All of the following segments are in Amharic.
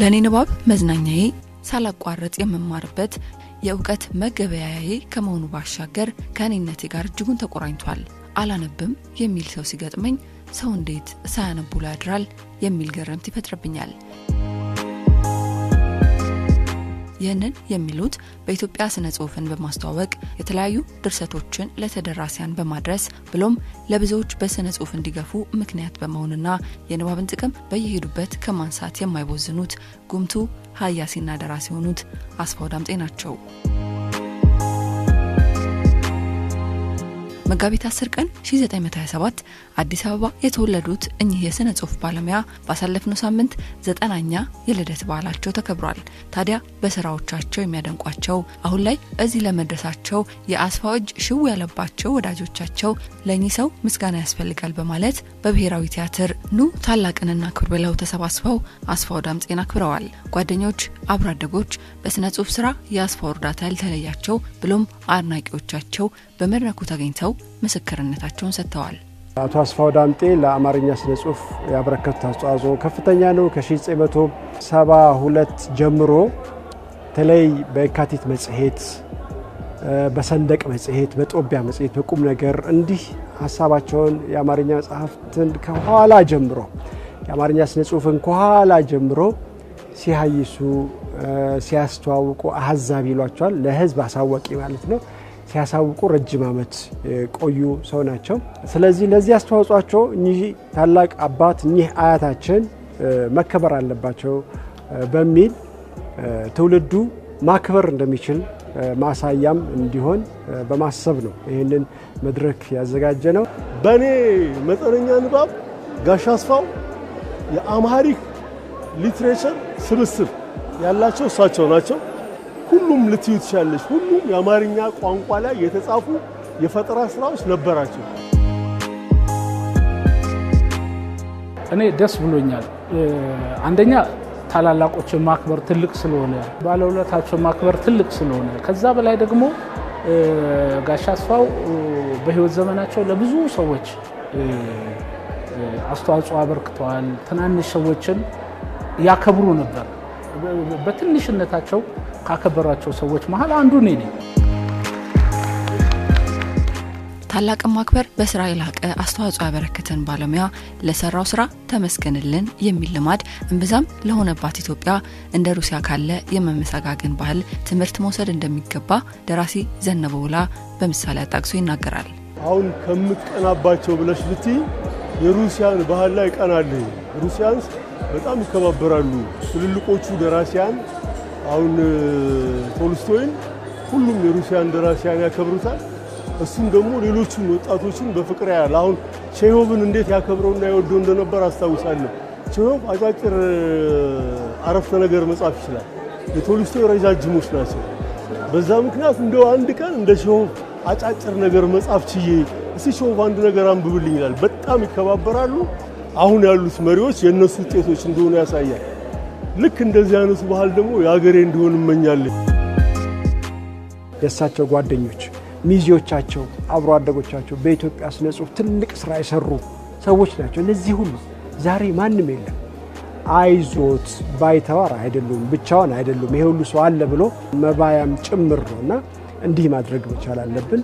ለእኔ ንባብ መዝናኛዬ፣ ሳላቋረጥ የምማርበት የእውቀት መገበያያዬ ከመሆኑ ባሻገር ከእኔነቴ ጋር እጅጉን ተቆራኝቷል። አላነብም የሚል ሰው ሲገጥመኝ ሰው እንዴት ሳያነቡ ላይ ያድራል የሚል ገረምት ይፈጥርብኛል። ይህንን የሚሉት በኢትዮጵያ ስነ ጽሁፍን በማስተዋወቅ የተለያዩ ድርሰቶችን ለተደራሲያን በማድረስ ብሎም ለብዙዎች በስነ ጽሁፍ እንዲገፉ ምክንያት በመሆንና የንባብን ጥቅም በየሄዱበት ከማንሳት የማይቦዝኑት ጉምቱ ሀያሲና ደራሲ የሆኑት አስፋው ዳምጤ ናቸው። መጋቢት 10 ቀን 1927 አዲስ አበባ የተወለዱት እኚህ የሥነ ጽሑፍ ባለሙያ ባሳለፍነው ሳምንት ዘጠናኛ የልደት በዓላቸው ተከብሯል። ታዲያ በስራዎቻቸው የሚያደንቋቸው አሁን ላይ እዚህ ለመድረሳቸው የአስፋው እጅ ሽው ያለባቸው ወዳጆቻቸው ለእኚህ ሰው ምስጋና ያስፈልጋል በማለት በብሔራዊ ቲያትር ኑ ታላቅንና ክብር ብለው ተሰባስበው አስፋው ዳምጤን አክብረዋል። ጓደኞች፣ አብሮ አደጎች፣ በሥነ ጽሑፍ ስራ የአስፋው እርዳታ ያልተለያቸው ብሎም አድናቂዎቻቸው በመድረኩ ተገኝተው ምስክርነታቸውን ሰጥተዋል። አቶ አስፋው ዳምጤ ለአማርኛ ስነ ጽሁፍ ያበረከቱት አስተዋጽኦ ከፍተኛ ነው። ከ1972 ጀምሮ በተለይ በየካቲት መጽሔት፣ በሰንደቅ መጽሔት፣ በጦቢያ መጽሔት፣ በቁም ነገር እንዲህ ሀሳባቸውን የአማርኛ መጽሐፍትን ከኋላ ጀምሮ የአማርኛ ስነ ጽሁፍን ከኋላ ጀምሮ ሲሀይሱ ሲያስተዋውቁ አህዛብ ይሏቸዋል። ለህዝብ አሳወቂ ማለት ነው። ሲያሳውቁ ረጅም ዓመት የቆዩ ሰው ናቸው። ስለዚህ ለዚህ አስተዋጽኦአቸው እኚህ ታላቅ አባት እኚህ አያታችን መከበር አለባቸው በሚል ትውልዱ ማክበር እንደሚችል ማሳያም እንዲሆን በማሰብ ነው ይህንን መድረክ ያዘጋጀ ነው። በእኔ መጠነኛ ንባብ ጋሽ አስፋው የአማሪክ ሊትሬቸር ስብስብ ያላቸው እሳቸው ናቸው። ሁሉም ልትዩ ትችላለች። ሁሉም የአማርኛ ቋንቋ ላይ የተጻፉ የፈጠራ ስራዎች ነበራቸው። እኔ ደስ ብሎኛል። አንደኛ ታላላቆችን ማክበር ትልቅ ስለሆነ፣ ባለውለታቸው ማክበር ትልቅ ስለሆነ፣ ከዛ በላይ ደግሞ ጋሽ አስፋው በህይወት ዘመናቸው ለብዙ ሰዎች አስተዋጽኦ አበርክተዋል። ትናንሽ ሰዎችን ያከብሩ ነበር። በትንሽነታቸው ካከበሯቸው ሰዎች መሀል አንዱ እኔ ነኝ። ታላቅን ማክበር በስራ የላቀ አስተዋጽኦ ያበረከተን ባለሙያ ለሰራው ስራ ተመስገንልን የሚል ልማድ እምብዛም ለሆነባት ኢትዮጵያ እንደ ሩሲያ ካለ የመመሰጋገን ባህል ትምህርት መውሰድ እንደሚገባ ደራሲ ዘነበ ውላ በምሳሌ አጣቅሶ ይናገራል። አሁን ከምትቀናባቸው ብለሽ ብቲ የሩሲያን ባህል ላይ ቀናልኝ ሩሲያንስ በጣም ይከባበራሉ። ትልልቆቹ ደራሲያን አሁን ቶልስቶይን ሁሉም የሩሲያን ደራሲያን ያከብሩታል። እሱም ደግሞ ሌሎቹን ወጣቶችን በፍቅር ያያል። አሁን ቼሆብን እንዴት ያከብረውና የወደው እንደነበር አስታውሳለሁ። ቼሆብ አጫጭር አረፍተ ነገር መጻፍ ይችላል። የቶልስቶይ ረጃጅሞች ናቸው። በዛ ምክንያት እንደው አንድ ቀን እንደ ቼሆቭ አጫጭር ነገር መጻፍ ችዬ እስቲ ቼሆቭ አንድ ነገር አንብብልኝ ይላል። በጣም ይከባበራሉ። አሁን ያሉት መሪዎች የእነሱ ውጤቶች እንደሆኑ ያሳያል። ልክ እንደዚህ አይነቱ ባህል ደግሞ የሀገሬ እንዲሆን እመኛለን። የእሳቸው ጓደኞች፣ ሚዜዎቻቸው፣ አብሮ አደጎቻቸው በኢትዮጵያ ስነ ጽሁፍ ትልቅ ስራ የሰሩ ሰዎች ናቸው። እነዚህ ሁሉ ዛሬ ማንም የለም አይዞት ባይተዋር አይደሉም፣ ብቻውን አይደሉም። ይሄ ሁሉ ሰው አለ ብሎ መባያም ጭምር ነው እና እንዲህ ማድረግ መቻል አለብን።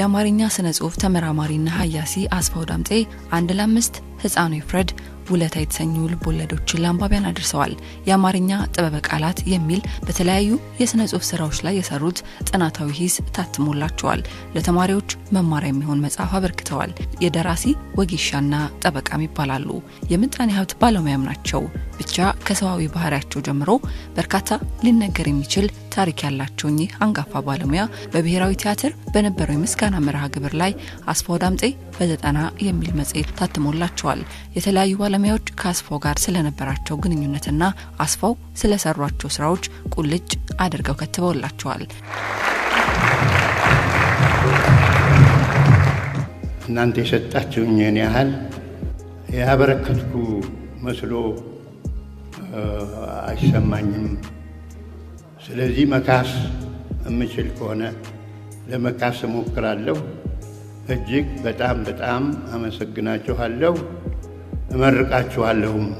የአማርኛ ስነ ጽሁፍ ተመራማሪና ሀያሲ አስፋው ዳምጤ አንድ ለአምስት ህፃኑ ይፍረድ ውለታ የተሰኙ ልቦለዶችን ለአንባቢያን አድርሰዋል። የአማርኛ ጥበበ ቃላት የሚል በተለያዩ የሥነ ጽሁፍ ስራዎች ላይ የሰሩት ጥናታዊ ሂስ ታትሞላቸዋል። ለተማሪዎች መማሪያ የሚሆን መጽሐፍ አበርክተዋል። የደራሲ ወጌሻና ጠበቃም ይባላሉ። የምጣኔ ሀብት ባለሙያም ናቸው። ብቻ ከሰዋዊ ባህሪያቸው ጀምሮ በርካታ ሊነገር የሚችል ታሪክ ያላቸው እኚህ አንጋፋ ባለሙያ በብሔራዊ ቲያትር በነበረው የምስጋና መርሃ ግብር ላይ አስፋው ዳምጤ በዘጠና የሚል መጽሔት ታትሞላቸዋል። የተለያዩ ባለሙያዎች ከአስፋው ጋር ስለነበራቸው ግንኙነትና አስፋው ስለሰሯቸው ስራዎች ቁልጭ አድርገው ከትበውላቸዋል። እናንተ የሰጣችሁኝን ያህል ያበረከትኩ መስሎ አይሰማኝም። ስለዚህ መካስ የምችል ከሆነ ለመካስ እሞክራለሁ። እጅግ በጣም በጣም አመሰግናችኋለሁ፣ እመርቃችኋለሁም።